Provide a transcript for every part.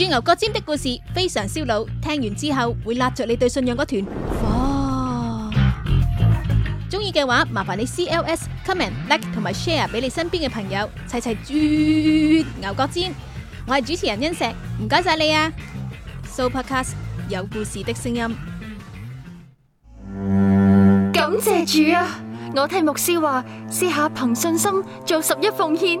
鑽牛角尖的故事非常燒腦，聽完之後會拉著你對信仰嗰團火。中意嘅話，麻煩你 C L S Comment like 同埋 share 俾你身邊嘅朋友，齊齊鑽牛角尖。我係主持人欣石，唔該晒你啊！Super Cast 有故事的聲音，感謝主啊！我聽牧師話，試下憑信心做十一奉獻。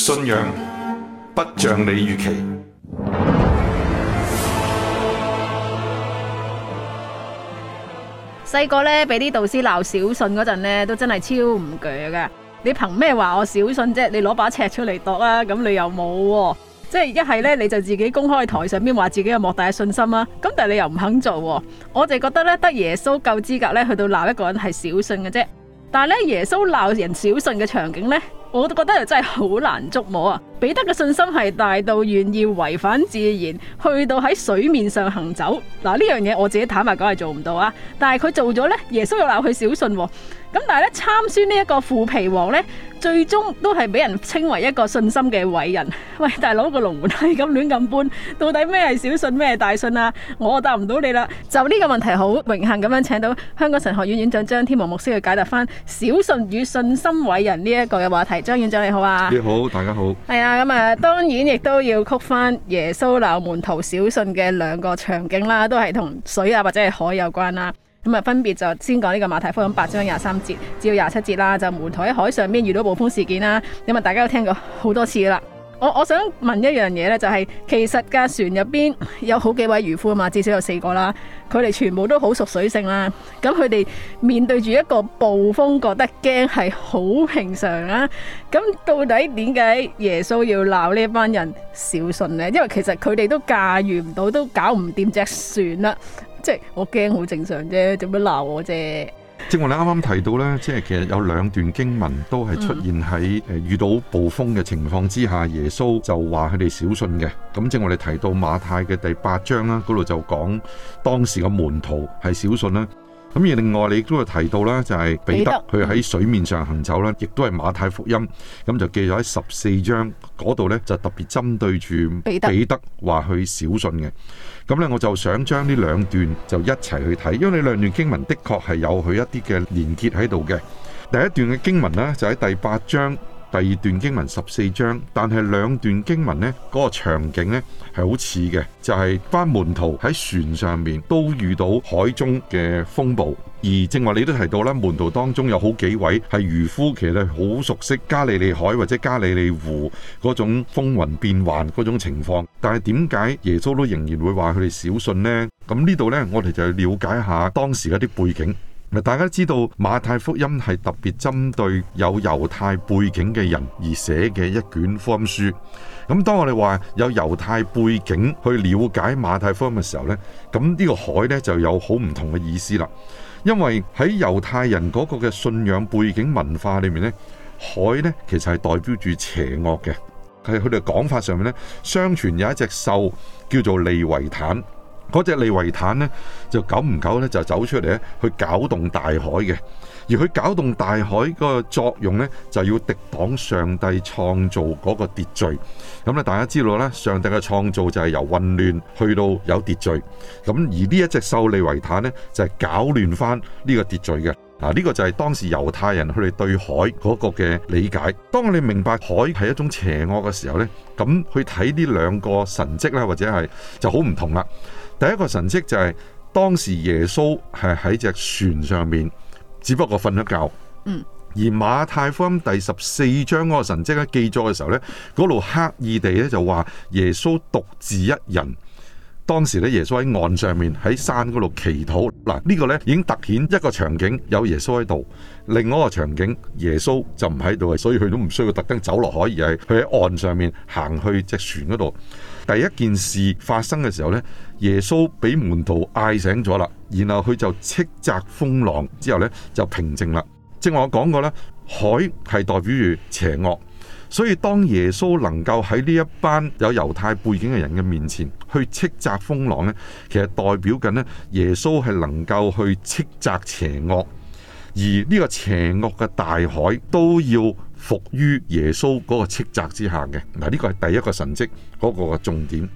信仰不像你預期。細個呢，俾啲導師鬧小信嗰陣呢，都真係超唔鋸噶。你憑咩話我小信啫？你攞把尺出嚟度啦，咁你又冇、啊。即係一係呢，你就自己公開台上面話自己有莫大嘅信心啦、啊。咁但係你又唔肯做、啊。我就覺得呢，得耶穌夠資格呢，去到鬧一個人係小信嘅啫。但係呢，耶穌鬧人小信嘅場景呢。我就覺得真係好難捉摸啊！彼得嘅信心係大到願意違反自然，去到喺水面上行走。嗱，呢樣嘢我自己坦白講係做唔到啊！但係佢做咗呢，耶穌又鬧佢小信喎。咁但係咧，參孫呢一個腐皮王呢，最終都係俾人稱為一個信心嘅偉人。喂大佬，個龍門係咁亂咁搬，到底咩係小信，咩係大信啊？我答唔到你啦。就呢個問題，好榮幸咁樣請到香港神學院院長張天王牧師去解答返小信與信心偉人呢一個嘅話題。張院長你好啊！你好，大家好。係啊！咁啊，當然亦都要曲返耶穌鬧門徒小信嘅兩個場景啦，都係同水啊或者係海有關啦。咁啊，分別就先講呢個馬太福音八章廿三節至到廿七節啦，就門徒喺海上邊遇到暴風事件啦。咁啊，大家都聽過好多次啦。我我想問一樣嘢咧，就係、是、其實架船入邊有好幾位漁夫啊嘛，至少有四個啦，佢哋全部都好熟水性啦。咁佢哋面對住一個暴風，覺得驚係好平常啊。咁到底點解耶穌要鬧呢一班人小信呢？因為其實佢哋都駕馭唔到，都搞唔掂隻船啦。即係我驚好正常啫，做咩鬧我啫？正如你啱啱提到呢，即係其實有兩段經文都係出現喺誒，遇到暴風嘅情況之下，耶穌就話佢哋小信嘅。咁正如我哋提到馬太嘅第八章啦，嗰度就講當時嘅門徒係小信呢。咁而另外你亦都有提到咧，就係彼得佢喺水面上行走咧，亦都係馬太福音，咁就記咗喺十四章嗰度咧，就特別針對住彼得話去小信嘅。咁咧，我就想將呢兩段就一齊去睇，因為你兩段經文的確係有佢一啲嘅連結喺度嘅。第一段嘅經文咧就喺第八章。第二段經文十四章，但係兩段經文呢嗰、嗰個場景呢係好似嘅，就係、是、翻門徒喺船上面都遇到海中嘅風暴，而正話你都提到啦，門徒當中有好幾位係漁夫，其實好熟悉加利利海或者加利利湖嗰種風雲變幻嗰種情況，但係點解耶穌都仍然會話佢哋小信呢？咁呢度呢，我哋就去了解一下當時嗰啲背景。嗱，大家知道馬太福音係特別針對有猶太背景嘅人而寫嘅一卷福音書。咁當我哋話有猶太背景去了解馬太福音嘅時候呢，咁呢個海呢就有好唔同嘅意思啦。因為喺猶太人嗰個嘅信仰背景文化裏面呢，「海」呢，其實係代表住邪惡嘅。喺佢哋講法上面呢，相傳有一隻獸叫做利維坦。嗰隻利維坦呢，就久唔久咧就走出嚟咧，去搞動大海嘅。而佢搞動大海個作用呢，就要敵擋上帝創造嗰個秩序。咁咧，大家知道咧，上帝嘅創造就係由混亂去到有秩序。咁而呢一隻獸利維坦呢，就係、是、搞亂返呢個秩序嘅。嗱，呢個就係當時猶太人佢哋對海嗰個嘅理解。當你明白海係一種邪惡嘅時候呢，咁去睇呢兩個神跡咧，或者係就好唔同啦。第一個神迹就係當時耶穌係喺隻船上面，只不過瞓咗覺。嗯。而馬太福音第十四章嗰個神迹咧，記載嘅時候，呢嗰度刻意地咧就話耶穌獨自一人。當時咧耶穌喺岸上面喺山嗰度祈禱。嗱呢，呢個呢已經凸顯一個場景有耶穌喺度，另外一個場景耶穌就唔喺度，所以佢都唔需要特登走落海，而係佢喺岸上面行去隻船嗰度。第一件事發生嘅時候呢，耶穌俾門徒嗌醒咗啦，然後佢就斥責風浪，之後呢就平靜啦。正話我講過咧，海係代表住邪惡，所以當耶穌能夠喺呢一班有猶太背景嘅人嘅面前去斥責風浪呢，其實代表緊呢，耶穌係能夠去斥責邪惡，而呢個邪惡嘅大海都要。服於耶穌嗰個斥責之下嘅。嗱，呢個係第一個神跡嗰個的重點。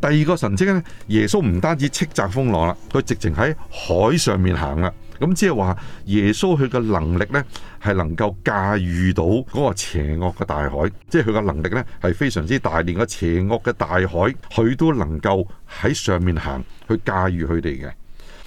第二個神跡咧，耶穌唔單止斥責風浪啦，佢直情喺海上面行啦。咁即係話耶穌佢嘅能力咧係能夠駕馭到嗰個邪惡嘅大海，即係佢嘅能力咧係非常之大，連個邪惡嘅大海佢都能夠喺上面行去駕馭佢哋嘅。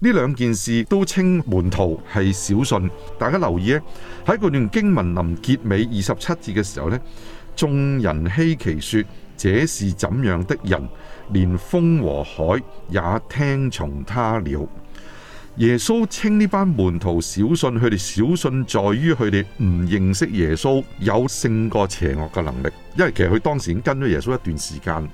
呢兩件事都稱門徒係小信。大家留意喺嗰段經文臨結尾二十七節嘅時候咧，眾人稀奇說：這是怎樣的人，連風和海也聽從他了。耶穌稱呢班門徒小信，佢哋小信在於佢哋唔認識耶穌有勝過邪惡嘅能力，因為其實佢當時已經跟咗耶穌一段時間，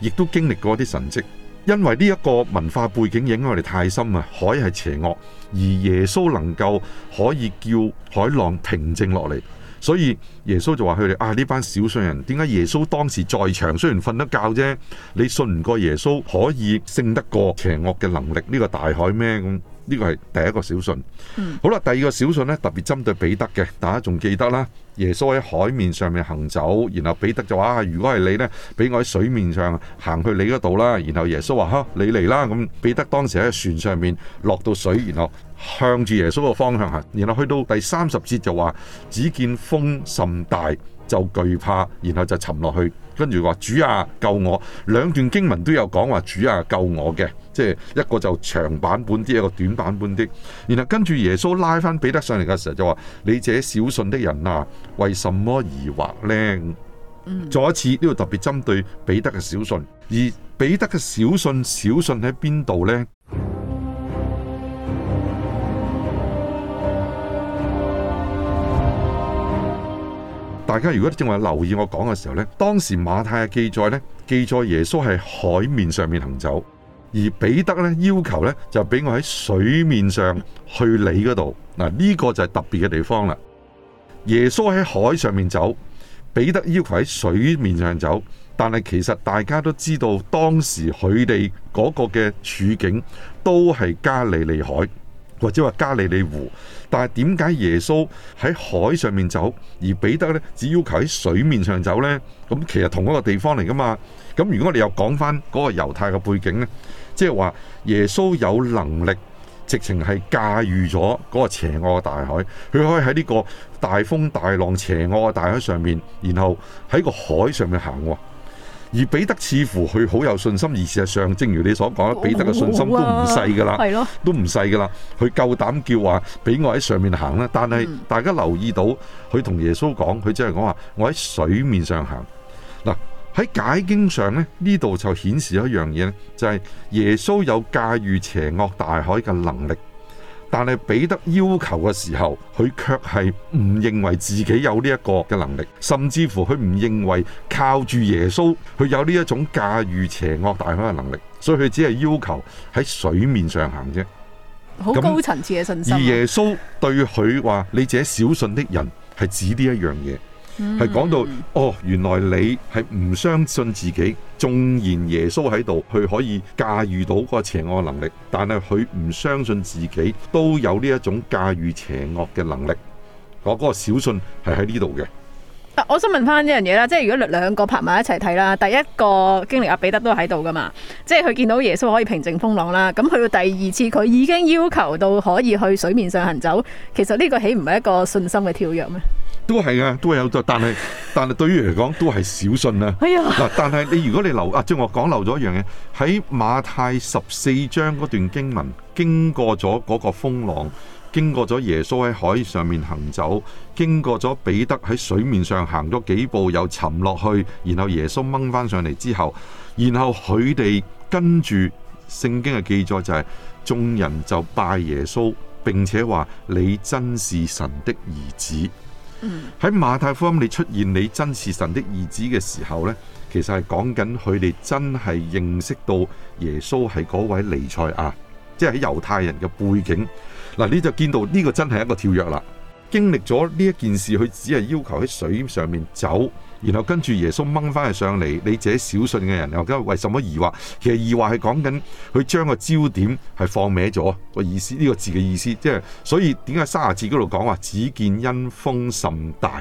亦都經歷過啲神蹟。因為呢一個文化背景影響我哋太深啊，海係邪惡，而耶穌能夠可以叫海浪平靜落嚟，所以耶穌就話佢哋啊，呢班少信人，點解耶穌當時在場雖然瞓得覺啫，你信唔過耶穌可以勝得過邪惡嘅能力呢、呢個大海咩咁？呢個係第一個小信，嗯、好啦。第二個小信呢，特別針對彼得嘅，大家仲記得啦。耶穌喺海面上面行走，然後彼得就話：如果係你呢，俾我喺水面上行去你嗰度啦。然後耶穌話：你嚟啦。咁彼得當時喺船上面落到水，然後向住耶穌個方向行，然後去到第三十節就話：只見風甚大，就懼怕，然後就沉落去。跟住話主啊，救我，兩段經文都有講，話主啊，救我嘅，即係一個就長版本啲，一個短版本啲。然後跟住耶穌拉返彼得上嚟嘅時候就話：你這小信的人啊，為什麼疑惑呢？再、嗯、一次呢度特別針對彼得嘅小信，而彼得嘅小信，小信喺邊度呢？大家如果正話留意我講嘅時候呢，當時馬太嘅記載咧，記載耶穌喺海面上面行走，而彼得咧要求呢就俾我喺水面上去你嗰度。嗱、這、呢個就係特別嘅地方啦。耶穌喺海上面走，彼得要求喺水面上走，但係其實大家都知道當時佢哋嗰個嘅處境都係加利利海。或者話加利利湖，但係點解耶穌喺海上面走，而彼得咧只要求喺水面上走呢？咁其實係同一個地方嚟噶嘛？咁如果你又講翻嗰個猶太嘅背景咧，即係話耶穌有能力，直情係駕馭咗嗰個邪惡嘅大海，佢可以喺呢個大風大浪邪惡嘅大海上面，然後喺個海上面行喎。而彼得似乎佢好有信心，而事實上正如你所講，彼得嘅信心都唔細㗎啦，啊、都唔細㗎啦，佢夠膽叫話俾我喺上面行啦。但係大家留意到，佢同、嗯、耶穌講，佢只係講話我喺水面上行。嗱喺解經上咧，呢度就顯示一樣嘢，就係、是、耶穌有駕馭邪惡大海嘅能力。但係彼得要求嘅時候，佢卻係唔認為自己有呢一個嘅能力，甚至乎佢唔認為靠住耶穌佢有呢一種駕馭邪惡大海嘅能力，所以佢只係要求喺水面上行啫。好高層次嘅信心。而耶穌對佢話你自己小信的人，係指呢一樣嘢。係講到哦，原來你係唔相信自己，縱然耶穌喺度，佢可以駕馭到嗰個邪惡能力，但係佢唔相信自己都有呢一種駕馭邪惡嘅能力，我、那、嗰個小信係喺呢度嘅。我想問翻一樣嘢啦，即係如果兩個拍埋一齊睇啦，第一個經歷阿彼得都喺度㗎嘛，即係佢見到耶穌可以平靜風浪啦，咁去到第二次佢已經要求到可以去水面上行走，其實呢個豈唔係一個信心嘅跳躍咩？都係噶，都係有，但係但係對於嚟講都係小信啦。哎、呀但係你如果你留啊，即係我講漏咗一樣嘢喺馬太十四章嗰段經文，經過咗嗰個風浪，經過咗耶穌喺海上面行走，經過咗彼得喺水面上行咗幾步又沉落去，然後耶穌掹翻上嚟之後，然後佢哋跟住聖經嘅記載就係、是、眾人就拜耶穌，並且話你真是神的兒子。喺馬太福音，你出現你真是神的兒子嘅時候呢，其實係講緊佢哋真係認識到耶穌係嗰位彌賽亞，即係喺猶太人嘅背景嗱，你就見到呢個真係一個跳躍啦。經歷咗呢一件事，佢只係要求喺水上面走。然後跟住耶穌掹翻去上嚟，你自己小信嘅人又覺得為什麼疑惑？其實疑惑係講緊佢將個焦點係放歪咗個意思呢個字嘅意思，即係所以點解三十節嗰度講話只見因風甚大？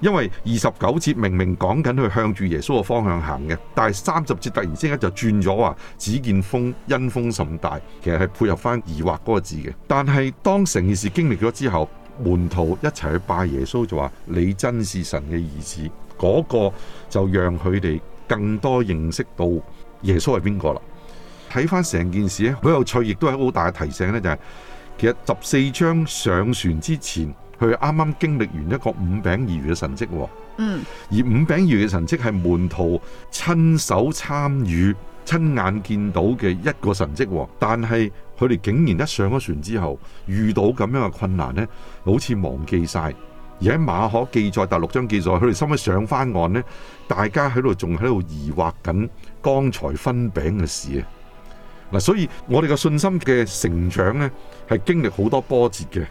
因為二十九節明明講緊佢向住耶穌嘅方向行嘅，但係三十節突然之間就轉咗話只見風因風甚大，其實係配合翻疑惑嗰個字嘅。但係當成件事經歷咗之後，門徒一齊去拜耶穌就話：你真是神嘅兒子。嗰個就讓佢哋更多認識到耶穌係邊個啦。睇翻成件事咧，好有趣亦都係好大嘅提醒呢，就係、是、其實十四章上船之前，佢啱啱經歷完一個五餅二魚嘅神跡。嗯。而五餅二魚嘅神跡係門徒親手參與、親眼見到嘅一個神跡，但係佢哋竟然一上咗船之後，遇到咁樣嘅困難呢，好似忘記晒。而喺馬可記載第六章記載，佢哋收尾上翻岸呢，大家喺度仲喺度疑惑緊剛才分餅嘅事啊！嗱，所以我哋嘅信心嘅成長呢，係經歷好多波折嘅。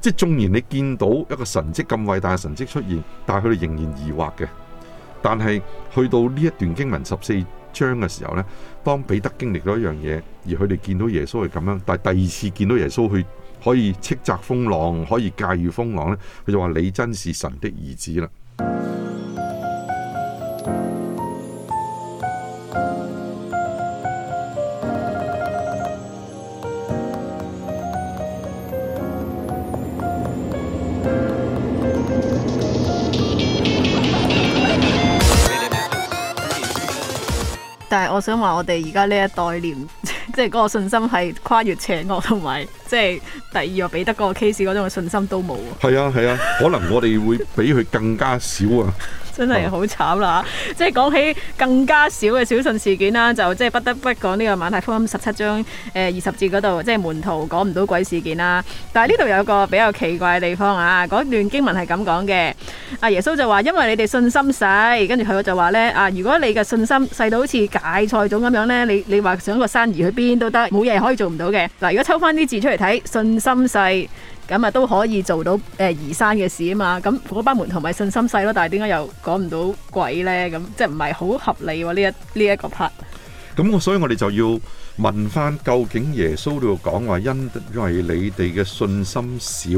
即係縱然你見到一個神跡，咁偉大嘅神跡出現，但係佢哋仍然疑惑嘅。但係去到呢一段經文十四章嘅時候呢，當彼得經歷咗一樣嘢，而佢哋見到耶穌係咁樣，但係第二次見到耶穌去。可以斥責風浪，可以駕馭風浪咧，佢就話：你真是神的兒子啦！但係我想話我哋而家呢一代念。即係嗰個信心係跨越邪惡同埋，即係第二個俾得嗰個 case 嗰種嘅信心都冇啊。係啊係啊， 可能我哋會比佢更加少啊。真係好慘啦！嗯、即係講起更加少嘅小信事件啦，就即係不得不講呢個馬太福音十七章誒二十節嗰度，即係門徒講唔到鬼事件啦。但係呢度有一個比較奇怪嘅地方啊！嗰段經文係咁講嘅，阿耶穌就話：因為你哋信心細，跟住佢就話呢，啊，如果你嘅信心細到好似芥菜種咁樣呢，你你話想個山移去邊都得，冇嘢可以做唔到嘅。嗱，如果抽翻啲字出嚟睇，信心細。咁啊都可以做到誒移山嘅事啊嘛，咁嗰班門徒咪信心細咯，但係點解又講唔到鬼咧？咁即係唔係好合理喎？呢一呢一個 part。咁我所以我哋就要問翻，究竟耶穌都要講話，因因為你哋嘅信心少，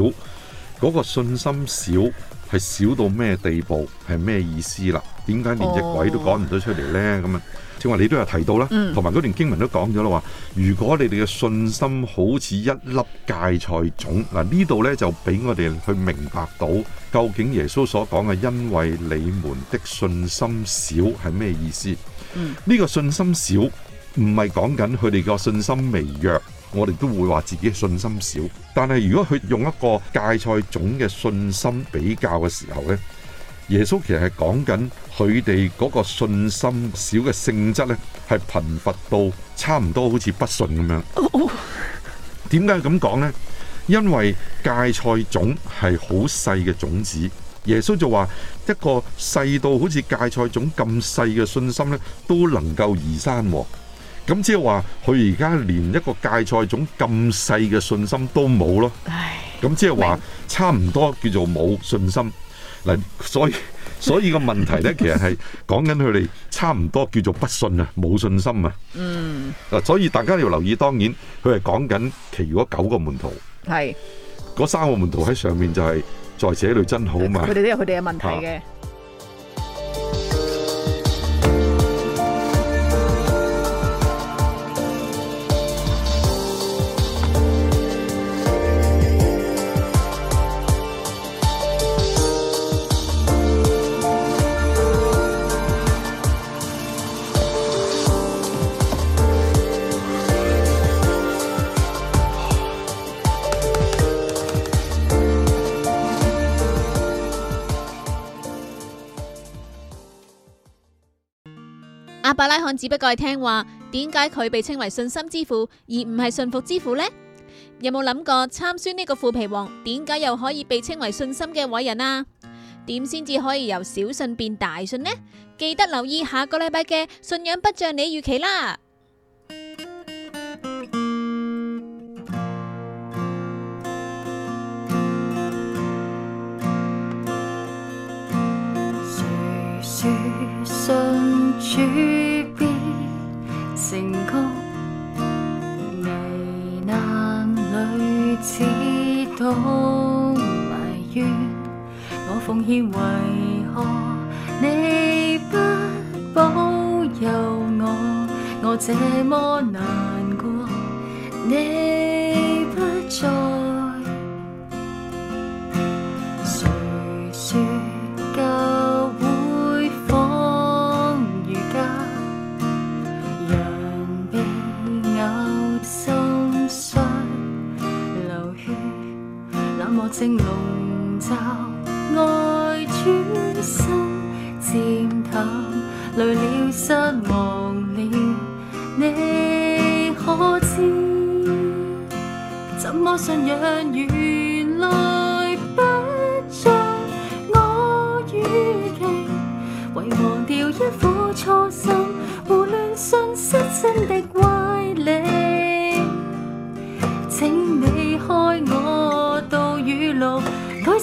嗰個信心少。係少到咩地步？係咩意思啦？點解連隻鬼都講唔到出嚟呢？咁啊，正話你都有提到啦，同埋嗰段經文都講咗啦，話如果你哋嘅信心好似一粒芥菜種嗱，呢度呢，就俾我哋去明白到究竟耶穌所講嘅因為你們的信心少係咩意思？呢、mm. 個信心少唔係講緊佢哋個信心微弱。我哋都會話自己信心少，但係如果佢用一個芥菜種嘅信心比較嘅時候呢，耶穌其實係講緊佢哋嗰個信心少嘅性質呢，係貧乏到差唔多好似不信咁樣。點解咁講呢？因為芥菜種係好細嘅種子，耶穌就話一個細到好似芥菜種咁細嘅信心呢，都能夠移山喎。咁即係話，佢而家連一個芥菜種咁細嘅信心都冇咯。咁即係話，差唔多叫做冇信心。嗱，所以所以個問題咧，其實係講緊佢哋差唔多叫做不信啊，冇信心啊。嗯，嗱，所以大家要留意，當然佢係講緊其，如果其餘九個門徒，係嗰三個門徒喺上面就係在這裡真好嘛。佢哋都有佢哋嘅問題嘅。巴拉罕只不過係聽話，點解佢被稱為信心之父，而唔係信服之父呢？有冇諗過參孫呢個腐皮王，點解又可以被稱為信心嘅偉人啊？點先至可以由小信變大信呢？記得留意下個禮拜嘅信仰不像你預期啦！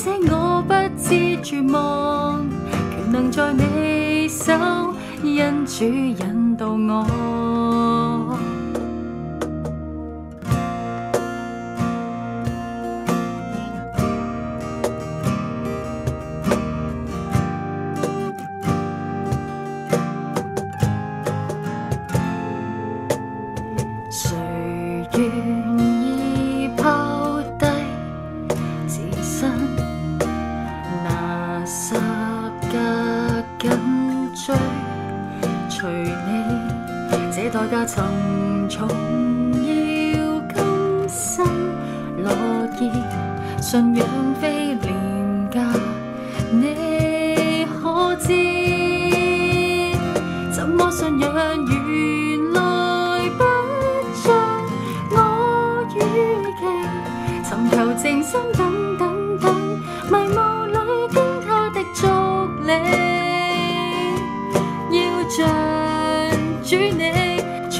且我不知絕望，全能在你手，因主引導我。代價沉重，要今生落葉，信仰飛。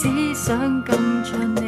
只想更近你。